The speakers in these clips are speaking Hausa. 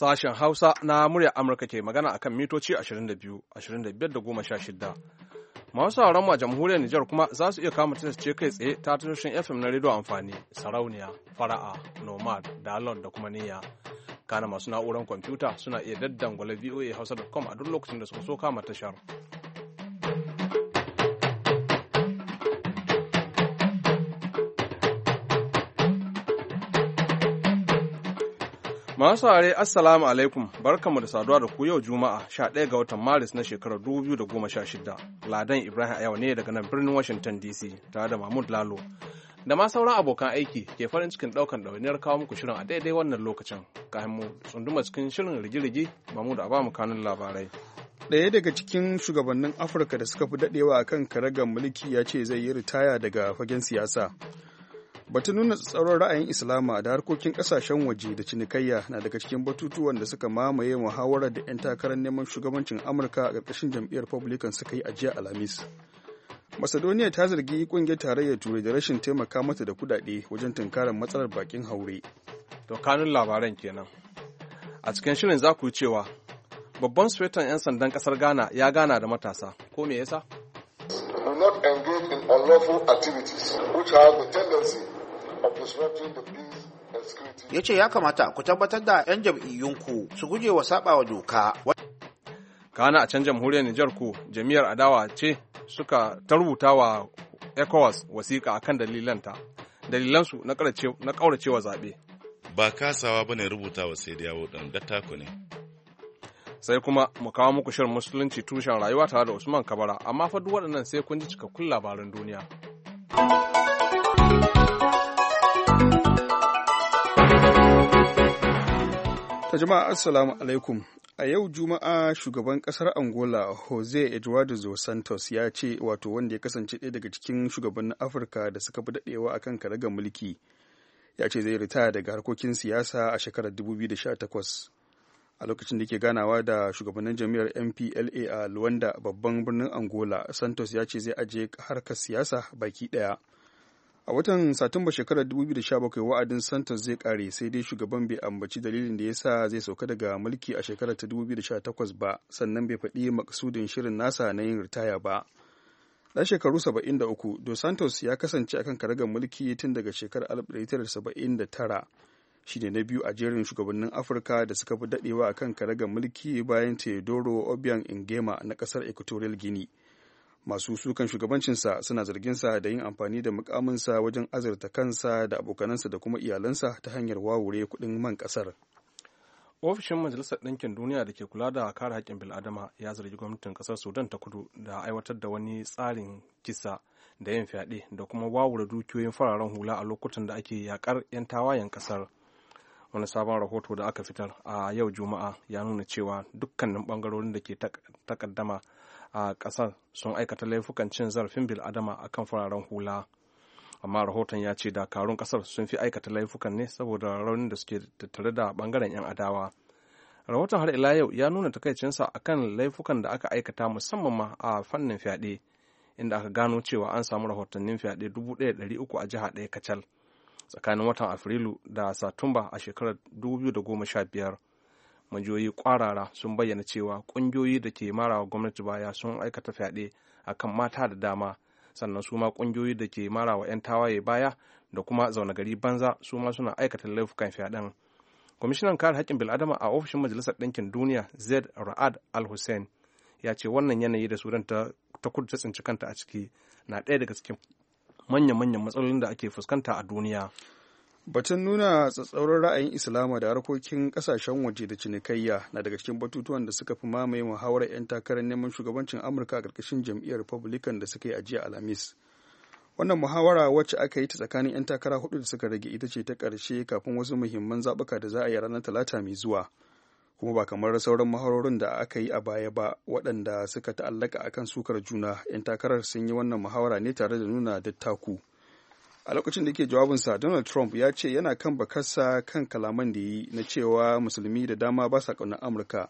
Sashen Hausa na murya Amurka ke magana a kan mitoci 22, 25 da 16. Masu sauran ma jamhuriyar Nijar kuma za su iya kama tilas ce kai tsaye ta tashoshin FM na rediyo amfani, sarauniya, fara'a, nomad, dalon da kuma niyya. Kana masu na'urar kwamfuta suna iya Hausa voa hausa.com a duk lokacin da suka so kama tashar. Masu are Assalamu alaikum barkamu da saduwa da ku yau Juma'a sha ɗaya ga watan Maris na shekarar 2016. Ladan Ibrahim a yau ne daga nan birnin Washington DC tare da Mahmud Lalo. Da ma sauran abokan aiki ke farin cikin ɗaukan ɗauniyar kawo muku shirin a daidai wannan lokacin. Kayan mu tsunduma cikin shirin rigirigi Mahmud a bamu mu kanun labarai. Ɗaya daga cikin shugabannin Afirka da suka fi daɗewa a kan karagar mulki ya ce zai yi ritaya daga fagen siyasa. batun nuna tsaron ra'ayin islama da harkokin kasashen waje da cinikayya na daga cikin batutuwan da suka mamaye muhawarar da 'yan takarar neman shugabancin amurka a ƙarƙashin jam'iyyar republican suka yi a Lamis. alhamis macedonia ta zargi kungiyar tarayyar turai da rashin taimaka mata da kudade wajen tunkarar matsalar bakin haure to kanun labaran kenan a cikin shirin za ku cewa babban sweton 'yan sandan kasar ghana ya gana da matasa ko me yasa do not engage in unlawful activities which have a tendency ya ce ya kamata ku tabbatar da 'yan jam'iyyunku su guje wa saba wa doka kana a can jamhuriyar nijar ku jami'ar adawa ce suka tarbuta wa ecowas wasiƙa akan dalilanta dalilansu na ƙauracewa zaɓe ba kasawa bane rubuta wa sai yawo ɗan ku ne sai kuma mu kawo muku shirin musulunci tushen rayuwa tare da usman kabara amma fa duk waɗannan sai kun ji cikakkun labaran duniya. ta jama'a assalamu alaikum a yau juma'a shugaban kasar angola jose eduardo dos santos ya ce wato wanda ya kasance ɗaya daga cikin shugabannin afirka da suka fi daɗewa akan karagar mulki ya ce zai ritaya daga harkokin siyasa a shekarar 2018 a lokacin da ke ganawa da shugabannin jami'ar mpla a luwanda babban birnin angola santos ya ce zai ajiye harkar siyasa baki ɗaya a watan satumba shekarar 2017 wa'adin santos zai kare sai dai shugaban bai ambaci dalilin da ya sa zai sauka daga mulki a shekarar ta 2018 ba sannan bai faɗi maksudin shirin nasa na yin ritaya ba ɗan shekaru 73 dos santos ya kasance akan karagar mulki tun daga shekarar 1979 shi ne na biyu a jerin shugabannin afirka da suka fi daɗewa akan karagar mulki bayan teodoro obiang ingema na ƙasar equatorial guinea masu sukan shugabancinsa suna zargin sa da yin amfani da mukaminsa wajen azurta kansa da abokanansa da kuma iyalansa ta hanyar wawure kuɗin man ƙasar. ofishin majalisar ɗinkin duniya da ke kula da kare haƙƙin bil'adama ya zargi gwamnatin ƙasar sudan ta kudu da aiwatar da wani tsarin kisa da yin fyaɗe da kuma wawure dukiyoyin fararen hula a lokutan da ake yaƙar 'yan tawayen ƙasar wani sabon rahoto da aka fitar a yau juma'a ya nuna cewa dukkanin bangarorin da ke takaddama a ƙasar sun aikata laifukan cin zarafin bil'adama a kan fararen hula amma rahoton ya ce dakarun ƙasar sun fi aikata laifukan ne saboda raunin da suke tattare da ɓangaren 'yan adawa rahoton har ila yau ya nuna takaicinsa a kan laifukan da aka aikata musamman ma a fannin fyaɗe inda aka gano cewa an samu rahotannin fyaɗe uku a jiha ɗaya kacal tsakanin watan afrilu da satumba a shekarar da goma sha biyar. majiyoyi kwarara sun bayyana cewa ƙungiyoyi da ke marawa gwamnati baya sun aikata fyaɗe a kan mata da dama sannan su ma ƙungiyoyi da ke marawa 'yan tawaye baya da kuma zaune gari banza su ma suna aikata laifukan fyaɗen kwamishinan kare haƙƙin bil'adama a ofishin majalisar ɗinkin duniya zaid ra'ad al hussein ya ce wannan yanayi da sudan ta kudu ta tsinci kanta a ciki na ɗaya daga cikin manya-manyan matsalolin da ake fuskanta a duniya batun nuna tsatsauran ra'ayin islama da harkokin kasashen waje da cinikayya na daga cikin batutuwan da suka fi mamaye muhawarar 'yan takarar neman shugabancin amurka a ƙarƙashin jam'iyyar republican da suka yi a jiya alhamis wannan muhawara wacce aka yi ta tsakanin 'yan takara hudu da suka rage ita ce ta ƙarshe kafin wasu muhimman zaɓuka da za a yi ranar talata mai zuwa kuma ba kamar sauran muhawarorin da aka yi a baya ba waɗanda suka ta'allaka akan sukar juna 'yan takarar sun yi wannan muhawara ne tare da nuna dattaku a lokacin da yake jawabinsa donald trump ya ce yana kan bakarsa kan kalaman da yi na cewa musulmi da dama ba sa ƙaunar amurka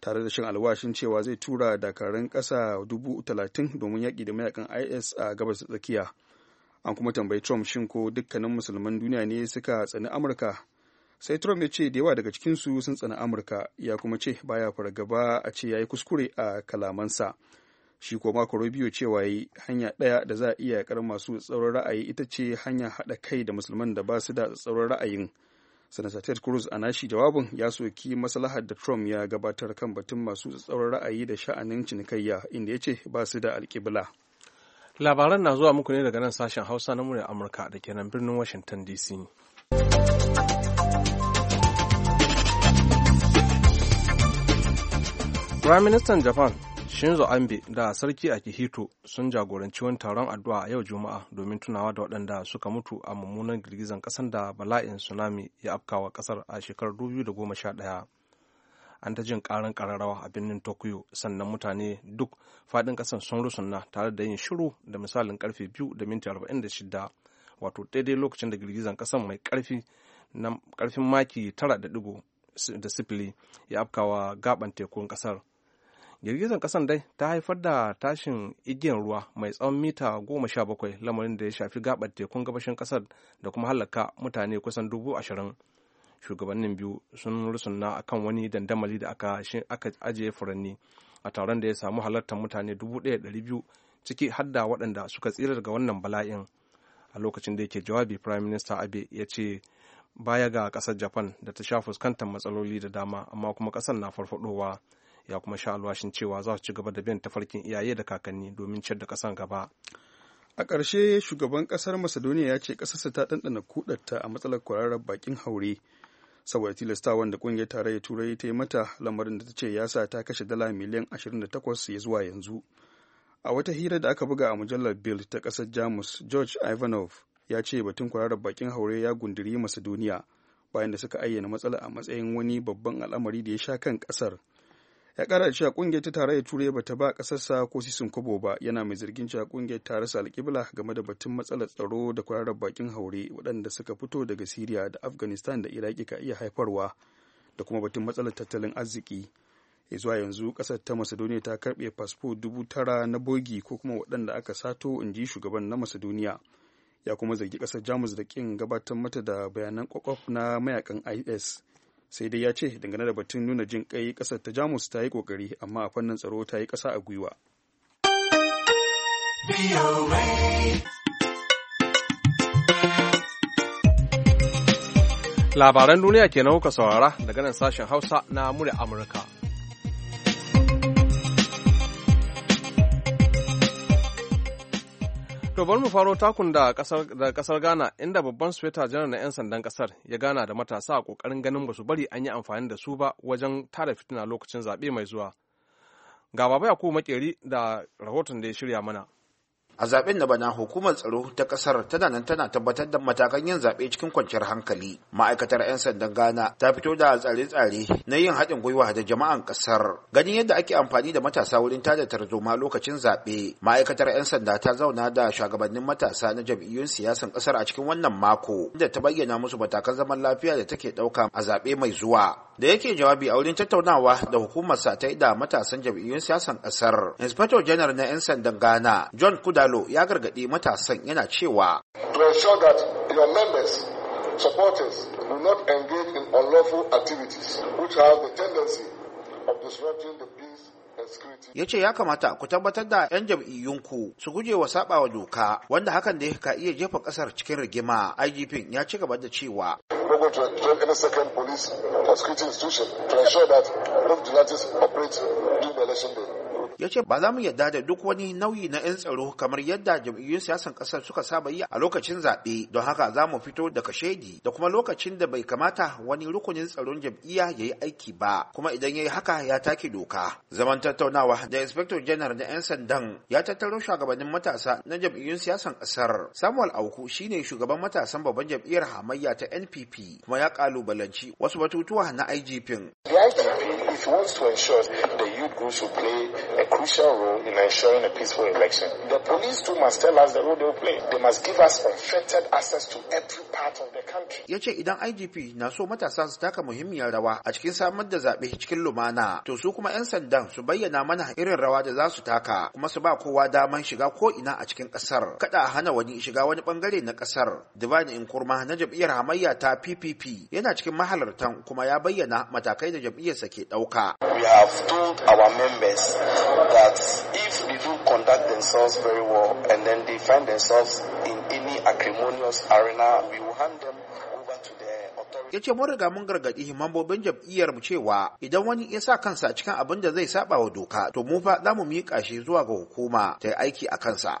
tare da shan alwashin cewa zai tura dakarun ƙasa 30,000 domin yaƙi da mayakan is a gabas tsakiya an kuma tambayi trump shin ko dukkanin musulman duniya ne suka tsani amurka sai trump ya ce da yawa daga cikinsu sun tsani amurka ya kuma ce baya fargaba a ce ya yi kuskure a kalamansa shi ko mako rubio cewa yi hanya ɗaya da za a iya yakar masu tsauran ra'ayi ita ce hanya haɗa kai da musulman da ba su da tsauran ra'ayin sanata ted cruz a nashi jawabin ya soki maslahar da trump ya gabatar kan batun masu tsauran ra'ayi da sha'anin cinikayya inda ya ce ba su da alkibla. labaran na zuwa muku ne daga nan sashen hausa na murya amurka da ke nan birnin washington dc Prime Minister Japan Shinzo Ambe da Sarki Akihito sun jagoranci wani taron addu'a a yau Juma'a domin tunawa da waɗanda suka mutu a mummunan girgizan ƙasar da bala'in tsunami ya afkawa ƙasar a shekarar 2011. An ta jin ƙarin ƙararrawa a birnin Tokyo sannan mutane duk faɗin ƙasar sun rusunna tare da yin shiru da misalin ƙarfe biyu da minti 46 wato daidai lokacin da girgizan ƙasar mai ƙarfi na ƙarfin maki 9 da sifili ya afkawa gaban tekun ƙasar. girgizar kasan dai ta haifar da tashin igiyar ruwa mai tsawon mita goma sha bakwai lamarin da ya shafi gabar tekun gabashin kasar da kuma halaka mutane kusan dubu ashirin shugabannin biyu sun rusuna kan wani dandamali da aka ajiye furanni a taron da ya samu halartar mutane dubu ɗaya ɗari biyu ciki har da waɗanda suka tsira daga wannan bala'in a lokacin da yake jawabi prime minister abe ya ce baya ga kasar japan da ta sha fuskantar matsaloli da dama amma kuma ƙasar na farfadowa ya kuma sha alwashin cewa za su ci gaba da biyan tafarkin iyaye da kakanni domin ciyar da ƙasan gaba a ƙarshe shugaban ƙasar macedonia ya ce ƙasarsa ta ɗanɗana kuɗarta a matsalar kwararar bakin haure saboda tilastawan da ƙungiyar tarayyar turai ta yi mata lamarin da ta ce ya sa ta kashe dala miliyan 28 ya zuwa yanzu a wata hira da aka buga a mujallar bild ta ƙasar jamus george ivanov ya ce batun kwararar bakin haure ya gundiri macedonia bayan da suka ayyana matsala a matsayin wani babban al'amari da ya sha kan ƙasar ya kara da cewa kungiyar ta tarayyar turai ba ta ba kasarsa ko sisin kobo ba yana mai zargin cewa kungiyar ta rasa alkibla game da batun matsalar tsaro da kwararar bakin haure waɗanda suka fito daga siriya da afghanistan da iraki ka iya haifarwa da kuma batun matsalar tattalin arziki ya zuwa yanzu kasar ta macedonia ta karɓe fasfo dubu tara na bogi ko kuma waɗanda aka sato in ji shugaban na macedonia ya kuma zargi kasar jamus da kin gabatar mata da bayanan kwakwaf na mayakan is sai dai ya ce dangane da batun nuna jin kai kasar ta jamus ta yi kokari amma a fannin tsaro ta yi kasa a gwiwa labaran duniya kenan kuka saurara daga nan sashen hausa na murya amurka To bari mu faro takun da kasar Ghana inda babban sweta janar na 'yan sandan kasar ya gana da matasa a kokarin ganin ba su bari an yi amfani da su ba wajen tara fitina lokacin zaɓe mai zuwa. Ga baba Yakubu Makeri da rahoton da ya shirya mana. a zaben na bana hukumar tsaro ta kasar tana nan tana tabbatar da matakan yin zaɓe cikin kwanciyar hankali ma'aikatar 'yan sandan ghana ta fito da tsare-tsare na yin haɗin gwiwa da jama'an ƙasar. ganin yadda ake amfani da matasa wurin tada tarzoma lokacin zaɓe ma'aikatar 'yan sanda ta zauna da shugabannin matasa na jam'iyyun siyasan ƙasar a cikin wannan mako Inda ta bayyana musu matakan zaman lafiya da take ɗauka a zaɓe mai zuwa da yake jawabi a wurin tattaunawa da hukumarsa ta yi da matasan jam'iyyun siyasan kasar inspector general na 'yan sandan ghana john kudalo ya gargaɗe matasan yana cewa to ensure that your members supporters do not engage in unlawful activities which have the tendency of disrupting the ya ce ya kamata ku tabbatar da 'yan jam'iyyunku su guje wa saɓawa doka wanda hakan da ka iya jefa ƙasar cikin rigima igp ya ci gaba da cewa police prosecuting institution to ensure that operate during election day. ya ce ba za mu yarda da duk wani nauyi na 'yan tsaro kamar yadda jam'iyyun siyasan ƙasar suka saba yi a lokacin zaɓe don haka za mu fito daga shaidi da kuma lokacin da bai kamata wani rukunin tsaron jam'iyya ya yi aiki ba kuma idan ya yi haka ya take doka zaman tattaunawa da inspector general na 'yan sandan ya tattaro shugabannin matasa na jam'iyyun siyasan ƙasar samuel auku shine shugaban matasan babban jam'iyyar hamayya ta npp kuma ya ƙalubalanci wasu batutuwa na igp wants to ensure the youth groups will play a crucial role in ensuring a peaceful election. The police too must tell us the role they will play. They must give us unfettered access to every part of the country. Ya ce idan IGP na so matasa su taka muhimmiyar rawa a cikin samar da zaɓe cikin lumana, to su kuma 'yan sandan su bayyana mana irin rawa da za su taka kuma su ba kowa daman shiga ko ina a cikin ƙasar. Kada a hana wani shiga wani bangare na ƙasar. Divine Nkrumah na jam'iyyar hamayya ta PPP yana cikin mahalartan kuma ya bayyana matakai da jam'iyyarsa ke ɗauka. Amurka. We have told our members that if they do conduct themselves very well and then they find themselves in any acrimonious arena, we will hand them ya ce mun riga mun gargaɗi mambobin jam'iyyar mu cewa idan wani ya sa kansa cikin abin da zai saba wa doka to mu fa za mu miƙa shi zuwa ga hukuma ta aiki a kansa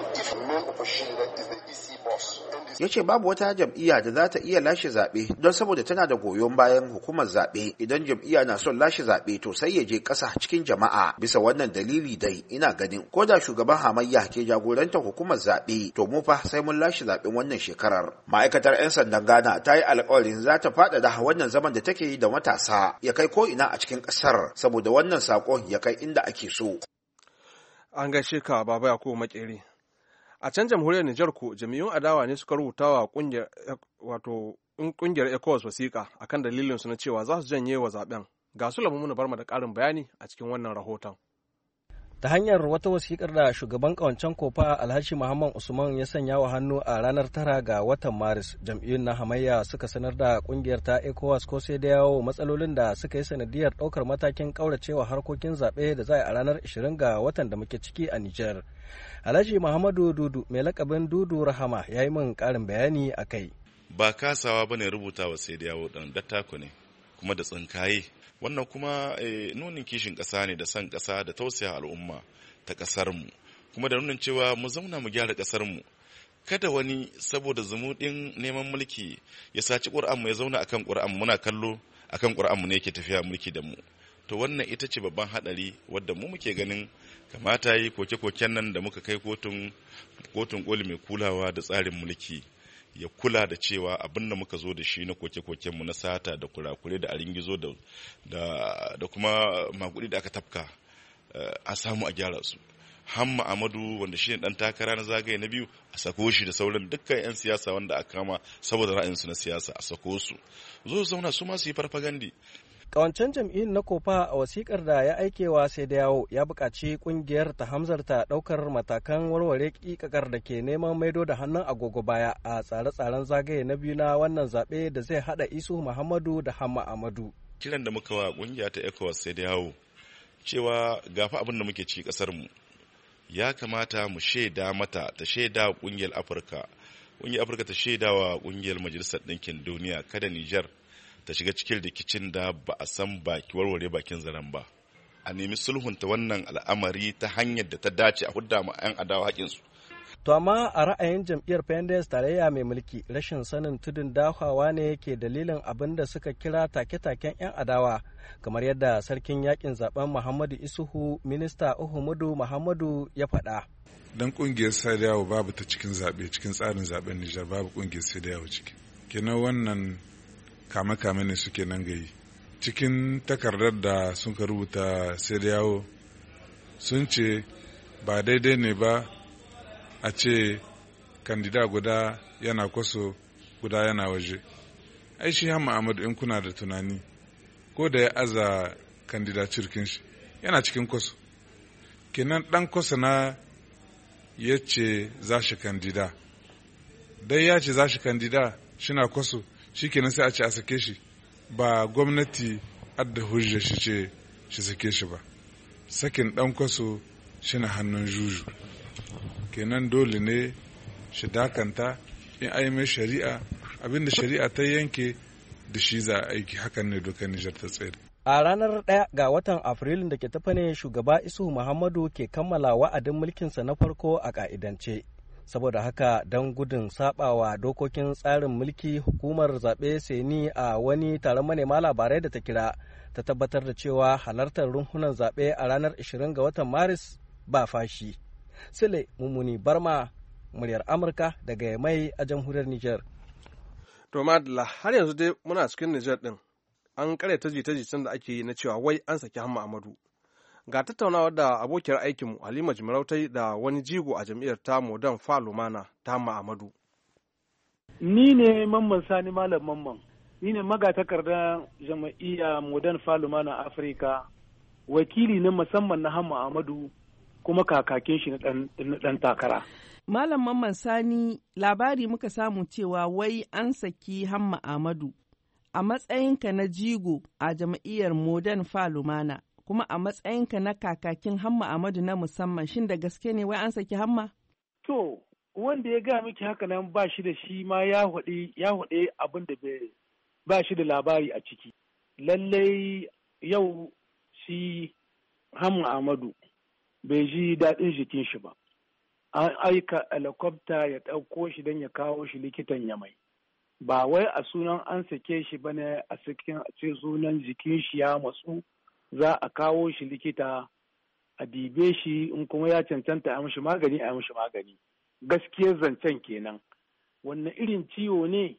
ya ce babu wata jam'iyya da za ta iya lashe zaɓe don saboda tana da goyon bayan hukumar zaɓe idan jam'iya na son lashe zaɓe to sai ya je ƙasa cikin jama'a bisa wannan dalili dai ina ganin ko da shugaban hamayya ke jagorantar hukumar zaɓe to mu fa sai mun lashe zaɓen wannan shekarar ma'aikatar 'yan sandan ghana ta yi alƙawarin za ta faɗaɗa wannan zaman da take yi da matasa ya kai ko ina a cikin ƙasar saboda wannan saƙon ya kai inda ake so an gaishe ka baba yakubu makeri a can jamhuriyar Nijar ko jami'un adawa ne suka rubuta wa kungiyar ECOWAS wasiƙa akan dalilin su na cewa za su janye wa zaben ga su lamu bar mu da ƙarin bayani a cikin wannan rahoton ta hanyar wata wasiƙar da shugaban ƙawancen kofa alhaji muhammad usman ya sanya wa hannu a ranar tara ga watan maris jam'iyyun na hamayya suka sanar da kungiyar ta ecowas ko sai da yawo matsalolin da suka yi sanadiyar ɗaukar matakin ƙauracewa harkokin zaɓe da za a ranar 20 ga watan da muke ciki a nijar Alhaji Muhammadu Dudu mai lakabin Dudu Rahama ya yi min ƙarin bayani a kai. Ba kasawa ba rubuta wa sai da yawo datta ku ne kuma da tsinkaye. Wannan kuma eh, nunin kishin ƙasa ne da son ƙasa da tausaya al'umma ta ƙasarmu kuma da nunin cewa mu zauna mu gyara ƙasarmu kada wani saboda zumuɗin neman mulki ya saci ƙur'anmu ya zauna akan ƙur'an muna kallo akan ƙur'anmu ne yake tafiya mulki da mu to wannan ita ce babban haɗari wadda mu muke ganin kamata yi koke-koken nan da muka kai kotun koli mai kulawa da tsarin mulki ya kula da cewa abin da muka zo da shi na koke-koken mu na sata da kurakure da aringizo da da kuma makudi da aka tafka eh, a samu a gyara su hamma amadu wanda shi ne dan takara na zagaye na biyu a sako shi da sauran dukkan 'yan siyasa wanda a kama saboda ra'ayinsu na siyasa a sako su zo zauna su ma yi farfagandi Kawancen jam'iyyun na kofa a wasikar da ya aikewa sai da yawo ya buƙaci ƙungiyar ta hamzarta ɗaukar matakan warware ƙiƙakar da ke neman maido da hannun agogo baya a tsare-tsaren zagaye na biyu na wannan zaɓe da zai haɗa isu muhammadu da hamma amadu. kiran da muka wa ƙungiya ta ecowas sai da yawo cewa gafa abin da muke ci kasar mu ya kamata mu shaida mata ta shaida kungiyar afirka ƙungiyar afirka ta shaida wa ƙungiyar majalisar ɗinkin duniya kada nijar ta shiga cikin rikicin da ba a san baki warware bakin zaren ba a nemi sulhunta wannan al'amari ta hanyar da ta dace a hudda ma 'yan adawa haƙinsu To amma a ra'ayin jam'iyyar Pendes tarayya mai mulki rashin sanin tudun dafawa ne ke dalilin abin da suka kira take-taken 'yan adawa kamar yadda sarkin yakin zaben Muhammadu Isuhu minista Uhumudu Muhammadu ya faɗa. Dan kungiyar Sadiyawa babu ta cikin zaɓe cikin tsarin zaɓen Nijar babu kungiyar Sadiyawa ciki. Kenan wannan kame-kame ne suke nan gayi cikin takardar da sun ka rubuta sai da yawo sun ce ba daidai ne ba a ce kandida guda yana kwaso guda yana waje ai shi hamma amadu in kuna da tunani ko da ya aza kandida cirkin shi yana cikin kwaso kenan dan kwaso na ya ce za shi kandida dai ya ce za shi kandida shina kwaso shikenan sai a ce a sake shi ba gwamnati adda hujja shi ce shi sake shi ba sakin dan kwaso na hannun juju kenan dole ne shi dakanta in ai mai shari'a abinda shari'a ta yanke da shi za a aiki hakan ne dokar nijar ta tsere a ranar 1 ga watan afrilun da ke tafa shugaba isu muhammadu ke kammala wa'adin mulkinsa na farko a ka'idance saboda haka don gudun sabawa dokokin tsarin mulki hukumar zaɓe seni a wani taron manema labarai da ta kira ta tabbatar da cewa halartar runhunan zaɓe a ranar 20 ga watan maris ba fashi sile mummuni barma muryar amurka daga mai a jamhuriyar niger to har yanzu dai muna cikin niger din an karyata jita-jitan da ake yi na cewa wai an saki hamma amadu Ga tattaunawa da abokiyar aikinmu Halima Jimarautai da wani jigo a jam'iyyar ta Modern Falumana ta Ma'amadu. Ni ne Mamman Sani Malam Mamman. Ni ne magatakarda jama'iyya Modern Falumana Afirka wakili na musamman na Hamma Amadu kuma kakakin shi na dan takara. Malam Mamman Sani labari muka samu cewa wai an saki Hamma Amadu a matsayinka na jigo a jam'iyyar Modern Falumana. kuma a matsayinka na kakakin hamma Amadu na musamman shin da gaske ne wai an saki hamma? To, wanda ya ga miki haka nan ba shi da shi ma ya haɗe ya abin da ba shi da labari a ciki. Lallai yau shi hamma Amadu bai ji daɗin jikin shi ba. An aika helikwafta ya ɗauko shi don ya kawo shi likitan ya mai. Ba wai a sunan an sake shi ba ne a cikin sunan jikin shi ya matsu za a kawo shi likita a dibe shi in kuma ya cancanta a mishi magani a mishi magani gaskiyar zancen kenan wannan irin ciwo ne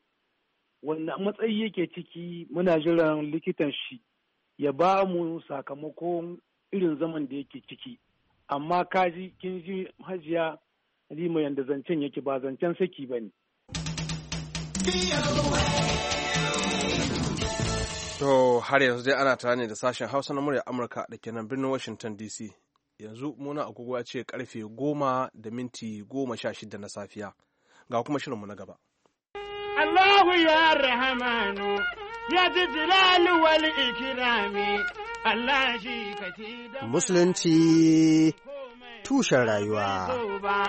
wannan matsayi yake ciki muna jiran likitan shi ya ba mu sakamakon irin zaman da yake ciki amma kaji kin ji hajiya halima yanda zancen yake ba zancen saki ba ne. To har yanzu dai ana tare ne da sashen Hausa na murya Amurka da ke nan birnin Washington DC. Yanzu muna agogo ya ce karfe goma da minti goma sha shida na safiya. Ga kuma shirinmu na gaba. Allahu ya rahamanu ya ji jilali wal ikirami Allah shi ka Musulunci tushen rayuwa.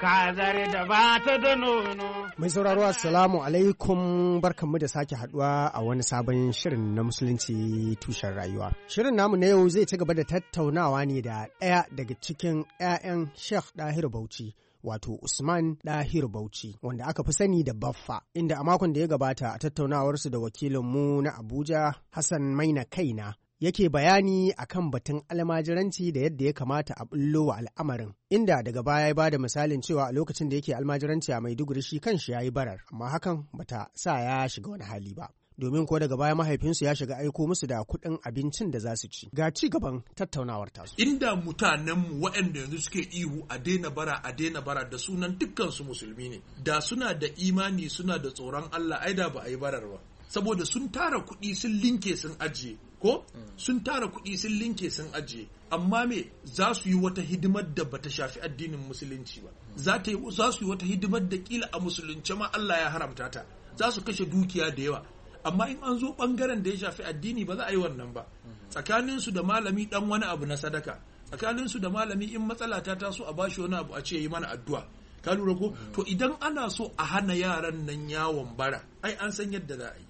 kazar da ba da nono. Mai sauraro assalamu alaikum barkanmu da sake haduwa a wani sabon shirin na musulunci tushen rayuwa. Shirin namu na yau zai ci gaba da tattaunawa ne da ɗaya daga cikin 'ya'yan Sheikh Dahir Bauchi. wato Usman Dahir Bauchi wanda aka fi sani da Baffa inda a makon da ya gabata a tattaunawarsu da wakilinmu na Abuja Hassan Maina Kaina yake bayani a kan batun almajiranci da yadda ya kamata a bullo wa al'amarin inda daga baya ya bada misalin cewa a lokacin da yake almajiranci a maiduguri shi kanshi ya yi barar amma hakan bata sa ya shiga wani hali ba domin ko daga baya mahaifinsu ya shiga aiko musu da kuɗin abincin da za su ci ga ci gaban tattaunawar tasu inda mutanen mu waɗanda yanzu suke ihu a daina bara a daina bara da sunan dukkansu musulmi ne da suna da imani suna da tsoron Allah ai da ba a yi barar ba saboda sun tara kuɗi sun linke sun ajiye ko mm. sun tara kuɗi sun linke sun ajiye amma me za su yi wata hidimar da bata shafi addinin musulunci ba mm. za ta yi za su yi wata hidimar da kila a musulunci ma Allah ya haramta ta za su kashe dukiya da yawa amma in an zo bangaren da ya shafi addini ba za a yi wannan ba mm. tsakanin su da malami dan wani abu na sadaka tsakanin su da malami in matsala ta taso a bashi wani abu a ce yi mana addu'a ka lura ko to idan ana so a hana yaran nan yawon bara ai an san yadda za a yi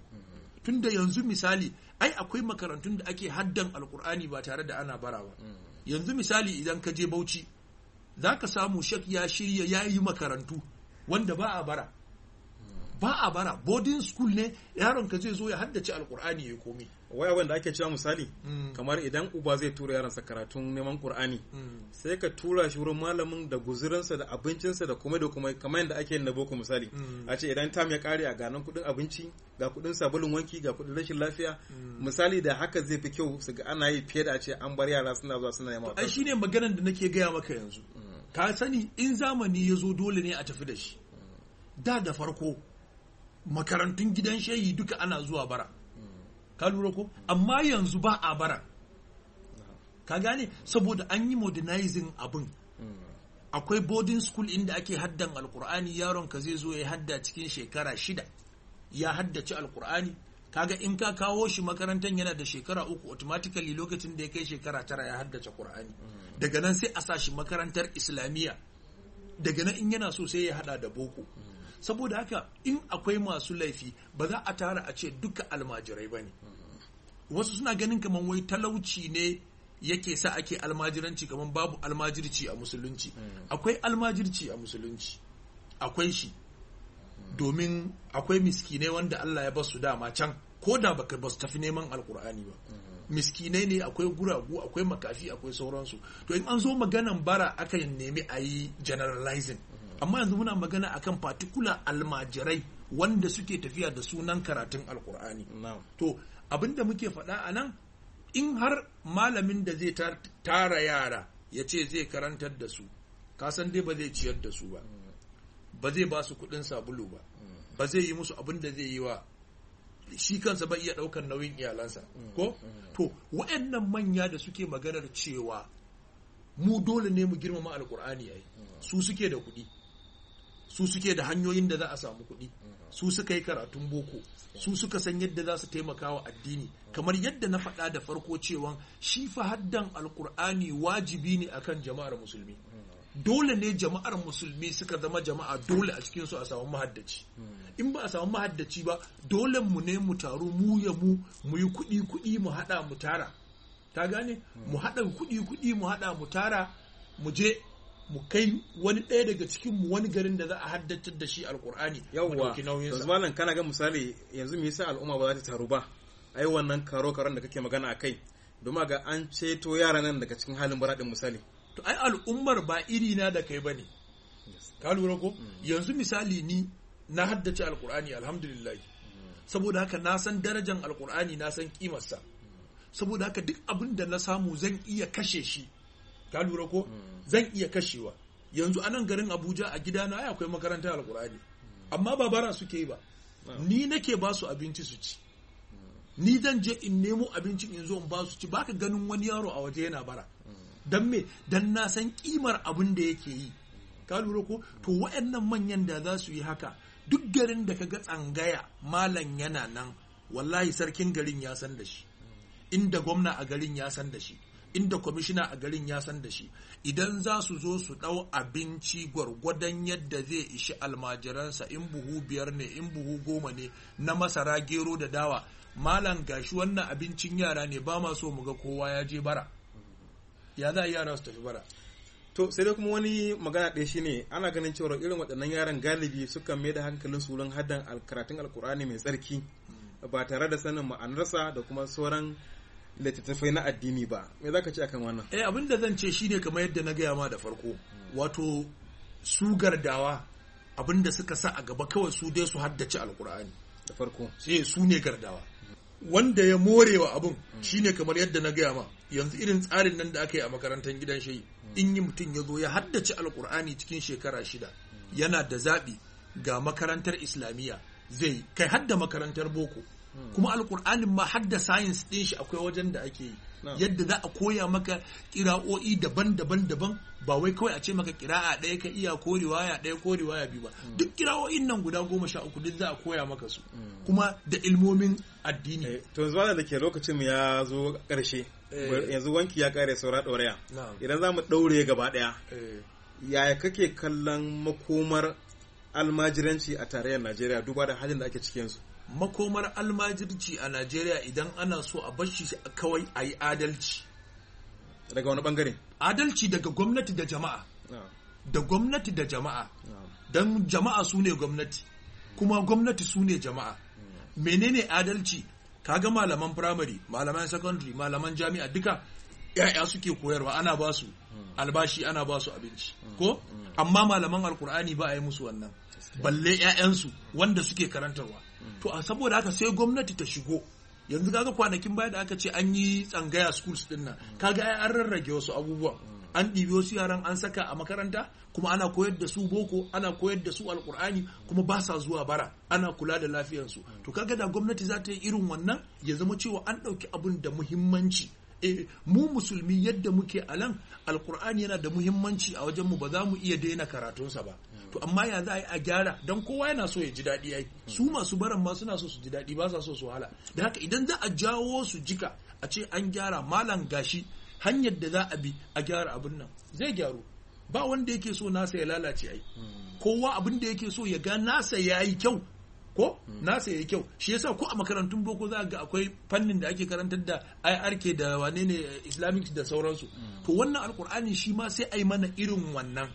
tunda yanzu misali ai akwai makarantun da ake haddan alkur'ani ba tare da ana bara ba hmm. yanzu misali idan ka je bauchi za ka samu shek ya shirya ya yi makarantu wanda ba a bara hmm. ba a bara boarding school ne yaron ka zai zo ya haddace alkur'ani ya yi komai. wai abin da ake cewa misali mm. kamar idan uba zai tura yaransa karatun neman qur'ani mm. sai ka tura shi wurin malamin da guzurinsa da abincinsa da kuma da kuma kamar yadda ake yin na boko misali mm. a ce idan tam ya kare a ganin kudin abinci ga kudin sabulun wanki ga kudin rashin lafiya misali da haka zai fi kyau su ga ana yi fiye da a ce an bar yara suna zuwa suna yamma shi ne maganar da nake gaya maka yanzu ka sani in zamani ya zo dole ne a tafi da shi da da farko makarantun gidan shehi duka ana zuwa bara ka lura ko amma yanzu ba a bara ka gane saboda an yi modernizing abin akwai boarding school inda ake haddan alkur'ani yaron ka zai zo ya hadda cikin shekara shida ya haddace alkur'ani kaga in ka kawo shi makarantar yana da shekara uku automatically lokacin da ya kai shekara tara ya haddace Kur'ani? daga nan sai a sa shi makarantar islamiyya daga nan in yana so sai ya hada da boko saboda haka in akwai masu laifi ba za a tara a ce duka almajirai ba ne wasu suna ganin kamar wai talauci ne yake sa ake almajiranci kamar babu almajirci a musulunci hmm. akwai almajirci a musulunci akwai shi domin akwai miskinai wanda Allah ya basu dama can ko da baka ba su tafi neman alkur'ani ba hmm. miskinai ne akwai guragu akwai makafi akwai sauransu to in an zo maganan bara akan nemi a yi generalizing amma yanzu muna magana akan particular almajirai wanda suke tafiya da sunan karatun alkur'ani to abinda muke faɗa a nan in har malamin da zai tara yara ya ce zai karantar da su kasan dai ba zai ciyar da su ba mm. ba zai ba su kuɗin sabulu ba mm. ba zai yi musu abin da zai yi wa shi kansa ba iya ɗaukar nauyin iyalansa mm. ko to waɗannan manya da suke maganar cewa mu dole ne mu girmama alkur'ani ai su suke da kuɗi su suke da hanyoyin da za a samu kuɗi su suka yi karatun boko su suka san yadda za su taimaka wa addini kamar yadda na faɗa da farko cewa shi fa haddan alkur'ani wajibi ne akan jama'ar musulmi dole ne jama'ar musulmi suka zama jama'a dole a cikinsu a samu mahaddaci in ba a samu mahaddaci ba dole mu ne mu taru mu ya mu mu yi kuɗi kuɗi mu haɗa mu tara ta gane mu haɗa kuɗi kuɗi mu haɗa mu tara mu je mu kai wani ɗaya daga cikin mu wani garin da za a haddatar da shi alkur'ani yawwa yanzu kana ga misali yanzu me yasa al'umma ba za ta taru ba ai wannan karo karon da kake magana akai domin ga an ceto yara nan daga cikin halin baradin misali to ai al'ummar ba iri na da kai bane ka lura ko mm. yanzu misali ni na haddace alkur'ani alhamdulillah saboda haka na san darajar alkur'ani na san kimarsa saboda haka duk abin da na samu zan iya kashe shi ka lura ko zan iya kashewa yanzu anan garin abuja a gidana ya akwai makarantar alkur'ani amma ba bara suke yi ba ni nake ba su abinci su ci ni zan je in nemo abinci in zo in ba su ci baka ganin wani yaro a waje yana bara dan me dan na san kimar abin da yake yi ka lura ko to waɗannan manyan da za su yi haka duk garin da kaga tsangaya malam yana nan wallahi sarkin garin ya san da shi inda gwamna a garin ya san da shi inda kwamishina a garin ya san da shi idan za su zo su ɗau abinci gwargwadon yadda zai ishi almajiransa in buhu biyar ne in buhu goma ne na masara gero da dawa malam gashi wannan abincin yara ne ba ma so mu ga kowa ya je bara ya za yara su tafi bara to sai dai kuma wani magana ɗaya shine ana ganin cewa irin waɗannan yaran galibi sukan mai da hankalin surin haddan karatun alkur'ani mai tsarki ba tare da sanin ma'anarsa da kuma sauran littattafai na addini ba me ka ce akan wannan eh abinda zan ce shine kamar yadda na gaya ma da farko wato su gardawa abinda suka sa a gaba kawai su dai su haddace alkur'ani da farko sai eh, su ne gardawa wanda ya morewa abun shine kamar yadda na gaya ma yanzu irin tsarin nan da aka yi a makarantar gidan shayi in yi mutum ya zo ya haddace alkur'ani cikin shekara shida yana da zaɓi ga makarantar islamiyya zai kai hadda makarantar boko Hmm. kuma alkur'anin ma hadda ɗin shi akwai wajen da ake yi yadda za a koya maka kira'o'i daban-daban daban ba wai kawai a ce maka kira'a ɗaya ka iya ko riwaya ɗaya ko biyu ba hmm. duk kira'o'in nan guda goma sha uku duk za a koya maka su hmm. kuma da ilmomin addini eh, to yanzu da ke lokacin mu ya zo ƙarshe eh. yanzu wanki ya ƙare saura ɗoraya idan za mu ɗaure gaba ɗaya eh. yaya kake kallon makomar almajiranci a tarayyar najeriya duba da halin da ake cikin su makomar almajirci a najeriya idan ana so a bashi kawai a yi adalci daga wani bangare adalci daga gwamnati da jama'a ah. da gwamnati da jama'a ah. don jama'a su ne gwamnati kuma gwamnati su ne jama'a hmm. menene adalci kaga malaman firamare malaman secondary malaman jami'a duka ya'ya suke koyarwa ana ba su hmm. albashi ana ba su abinci hmm. ko amma malaman alkur'ani ba a yi musu wannan balle 'ya'yansu wanda suke karantarwa to a saboda haka sai gwamnati ta shigo yanzu kaga kwanakin baya da aka ce an yi tsangaya schools din nan kaga ai an rarrage wasu abubuwan an ɗibi wasu yaran an saka a makaranta kuma ana koyar da su boko ana koyar da su alkur'ani kuma ba sa zuwa bara ana kula da lafiyarsu to kaga da gwamnati za ta yi irin wannan ya zama cewa an ɗauki abun da muhimmanci e, mu musulmi yadda muke alan alkur'ani yana da muhimmanci a wajenmu ba za mu iya daina karatunsa ba to amma ya za a yi a gyara don kowa yana so ya ji daɗi ya yi. su masu baran ma suna so su ji daɗi ba sa so su wahala da haka idan za a jawo su jika a ce an gyara malam gashi hanyar da za a bi a gyara abin nan zai gyaru ba wanda yake so nasa ya lalace ai kowa abin da yake so ya ga nasa ya yi kyau ko nasa ya yi kyau shi yasa ko a makarantun boko za ga akwai fannin da ake karantar da IRK da wane ne eh, islamic da sauransu to wannan alkur'ani shi ma sai a yi mana irin wannan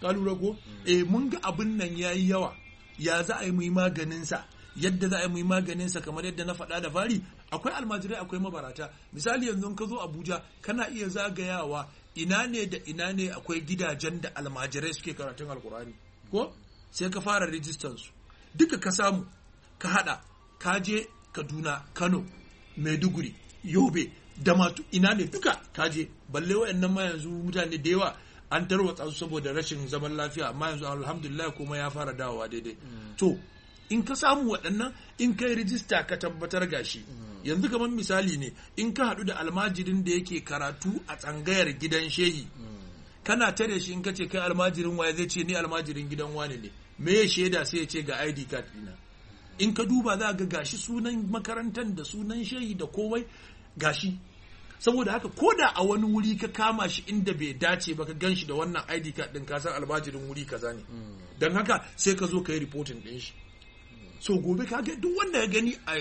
ka lura ko eh mun ga abin nan yayi yawa ya za a yi mu yi maganin sa yadda za a yi mu yi maganin sa kamar yadda na faɗa da fari akwai almajirai akwai mabarata misali yanzu ka zo Abuja kana iya zagayawa ina ne da ina ne akwai gidajen da almajirai suke karatun alkurani ko sai ka fara rijistan su duka ka samu ka hada ka je Kaduna Kano Maiduguri Yobe da matu ina ne duka kaje balle wayannan ma yanzu mutane da yawa an tarwatsa su saboda rashin zaman lafiya amma yanzu alhamdulillah kuma ya fara dawowa daidai mm. to in ka samu waɗannan in kai rijista ka tabbatar gashi mm. yanzu kamar misali ne in ka haɗu da almajirin da yake karatu a tsangayar gidan shehi mm. kana tare shi in ka ce kai almajirin waye zai ce ni almajirin gidan wane ne me ya shaida sai ya ce ga id card dina in ka duba za ga gashi sunan makarantar da sunan shehi da komai gashi saboda haka ko da a wani wuri ka kama shi inda bai dace ba ka gan shi da wannan ID card din ka san wuri kaza ne hmm. Don haka sai ka zo ka yi reporting din shi so gobe ka ga duk wanda ya gani a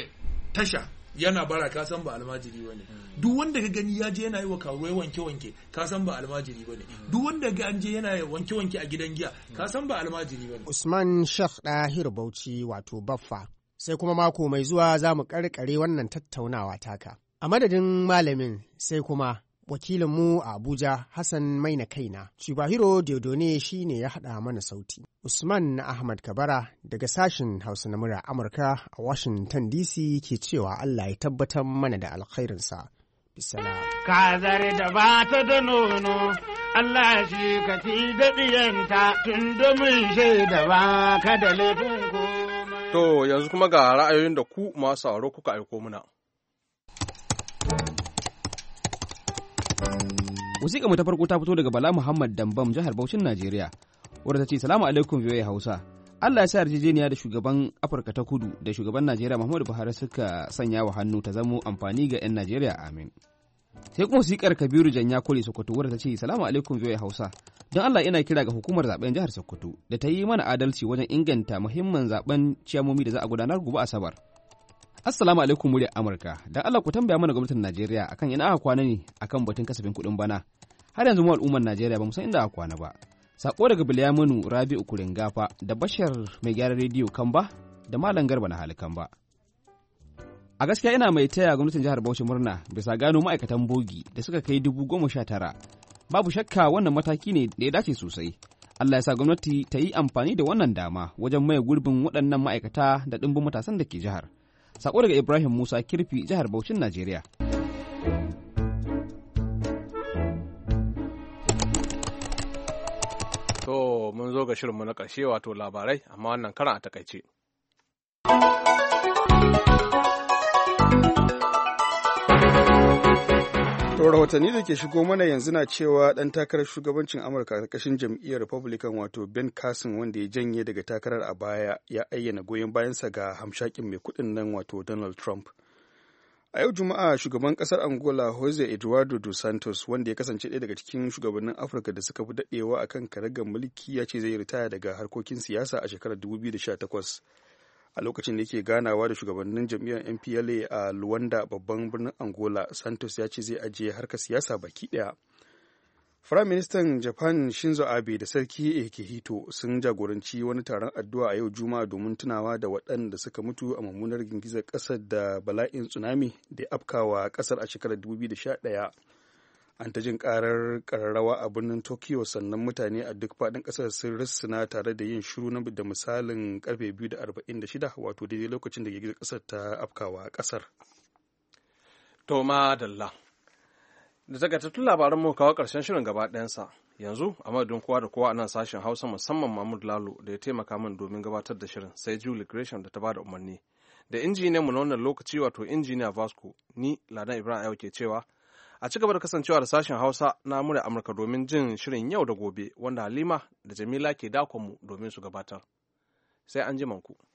tasha yana bara ka san ba almajiri ba hmm. duk wanda ka gani ya je yana yi wa karuwai wanke-wanke ka san ba almajiri ba hmm. duk wanda ga an je yana yi wanke-wanke a gidan giya ka san ba almajiri ba usman shekh dahir bauchi wato baffa sai kuma mako mai zuwa za mu karkare wannan tattaunawa taka a madadin malamin sai kuma wakilinmu a Abuja Hassan mai na. Kaina. cibahiro Diodone shi ne ya haɗa mana sauti. Usman na Ahmad Kabara daga sashen Hausa na murya Amurka a Washington DC ke cewa Allah ya tabbatar mana da alkhairinsa. Bisala. Kazar da ba ta da nono, Allah shi ka fi daɗiyanta tun da ba ka da laifin To yanzu kuma ga ra'ayoyin da ku masu aro kuka aiko muna. Wasiƙa mu ta farko ta fito daga Bala Muhammad Dambam jihar Bauchin Najeriya wadda ta ce salamu alaikum Hausa. Allah ya sa yarjejeniya da shugaban Afirka ta Kudu da shugaban Najeriya Muhammadu Buhari suka sanya wa hannu ta zamo amfani ga 'yan Najeriya amin. Sai kuma wasiƙar Kabiru Janya Kole Sokoto wadda ta ce salamu alaikum Hausa. Don Allah ina kira ga hukumar zaben jihar Sokoto da ta yi mana adalci wajen inganta muhimman zaben ciyamomi da za a gudanar gobe Asabar. Assalamu alaikum muryar Amurka. Dan Allah ku tambaya mana gwamnatin Najeriya akan ina aka kwana ne akan batun kasafin kuɗin bana. Har yanzu mu al'ummar Najeriya ba mu san inda aka kwana ba. Sako daga Bilyaminu Rabi'u Kuringafa da Bashar mai gyaran rediyo Kamba da Malam Garba na hali Kamba. A gaskiya ina mai taya gwamnatin jihar Bauchi murna bisa gano ma'aikatan bogi da suka kai dubu goma sha tara. Babu shakka wannan mataki ne da ya dace sosai. Allah ya sa gwamnati ta yi amfani da wannan dama wajen maye gurbin waɗannan ma'aikata da ɗimbin matasan da ke jihar. Sako daga Ibrahim Musa Kirfi jihar Bauchin Najeriya. To mun zo ga shirinmu na ƙarshe wato labarai amma wannan karan a takaice. To rahotanni da ke shigo mana yanzu na cewa dan takarar shugabancin Amurka a ƙarƙashin jam'iyyar Republican wato Ben Carson wanda ya janye daga takarar a baya ya ayyana goyon bayansa ga hamshakin mai kuɗin nan wato Donald Trump. A yau Juma'a shugaban ƙasar Angola Jose Eduardo dos Santos wanda ya kasance ɗaya daga cikin shugabannin Afirka da suka fi daɗewa akan karagar mulki ya ce zai ritaya daga harkokin siyasa a shekarar 2018. a lokacin da yake ganawa da shugabannin jam'iyyar mpla a luwanda babban birnin angola santos ya ce zai ajiye harka siyasa baki daya Prime Minister japan shinzo abe da sarki hito sun jagoranci wani taron addu'a a yau juma'a domin tunawa da waɗanda suka mutu a mummunar gingizar ƙasar da bala'in tsunami da ya afkawa ƙasar a shekarar 2011 an ta jin karar kararrawa a birnin tokyo sannan mutane a duk faɗin ƙasar sun rissuna tare da yin shiru na da misalin karfe 2.46 wato daidai lokacin da girgizar ƙasar ta afkawa ƙasar to dalla da takaitattun labaran mu kawo ƙarshen shirin gaba ɗayansa yanzu a madadin kowa da kowa a nan sashen hausa musamman mahmud lalo da ya taimaka min domin gabatar da shirin sai julie gresham da ta ba da umarni da injiniyan mu na wannan lokaci wato injiniya vasco ni ladan ibrahim ayo ke cewa A ci gaba da kasancewa da sashen Hausa na murya Amurka domin jin shirin yau da gobe wanda Halima da Jamila ke dakon mu domin su gabatar. Sai an ji manku. ku.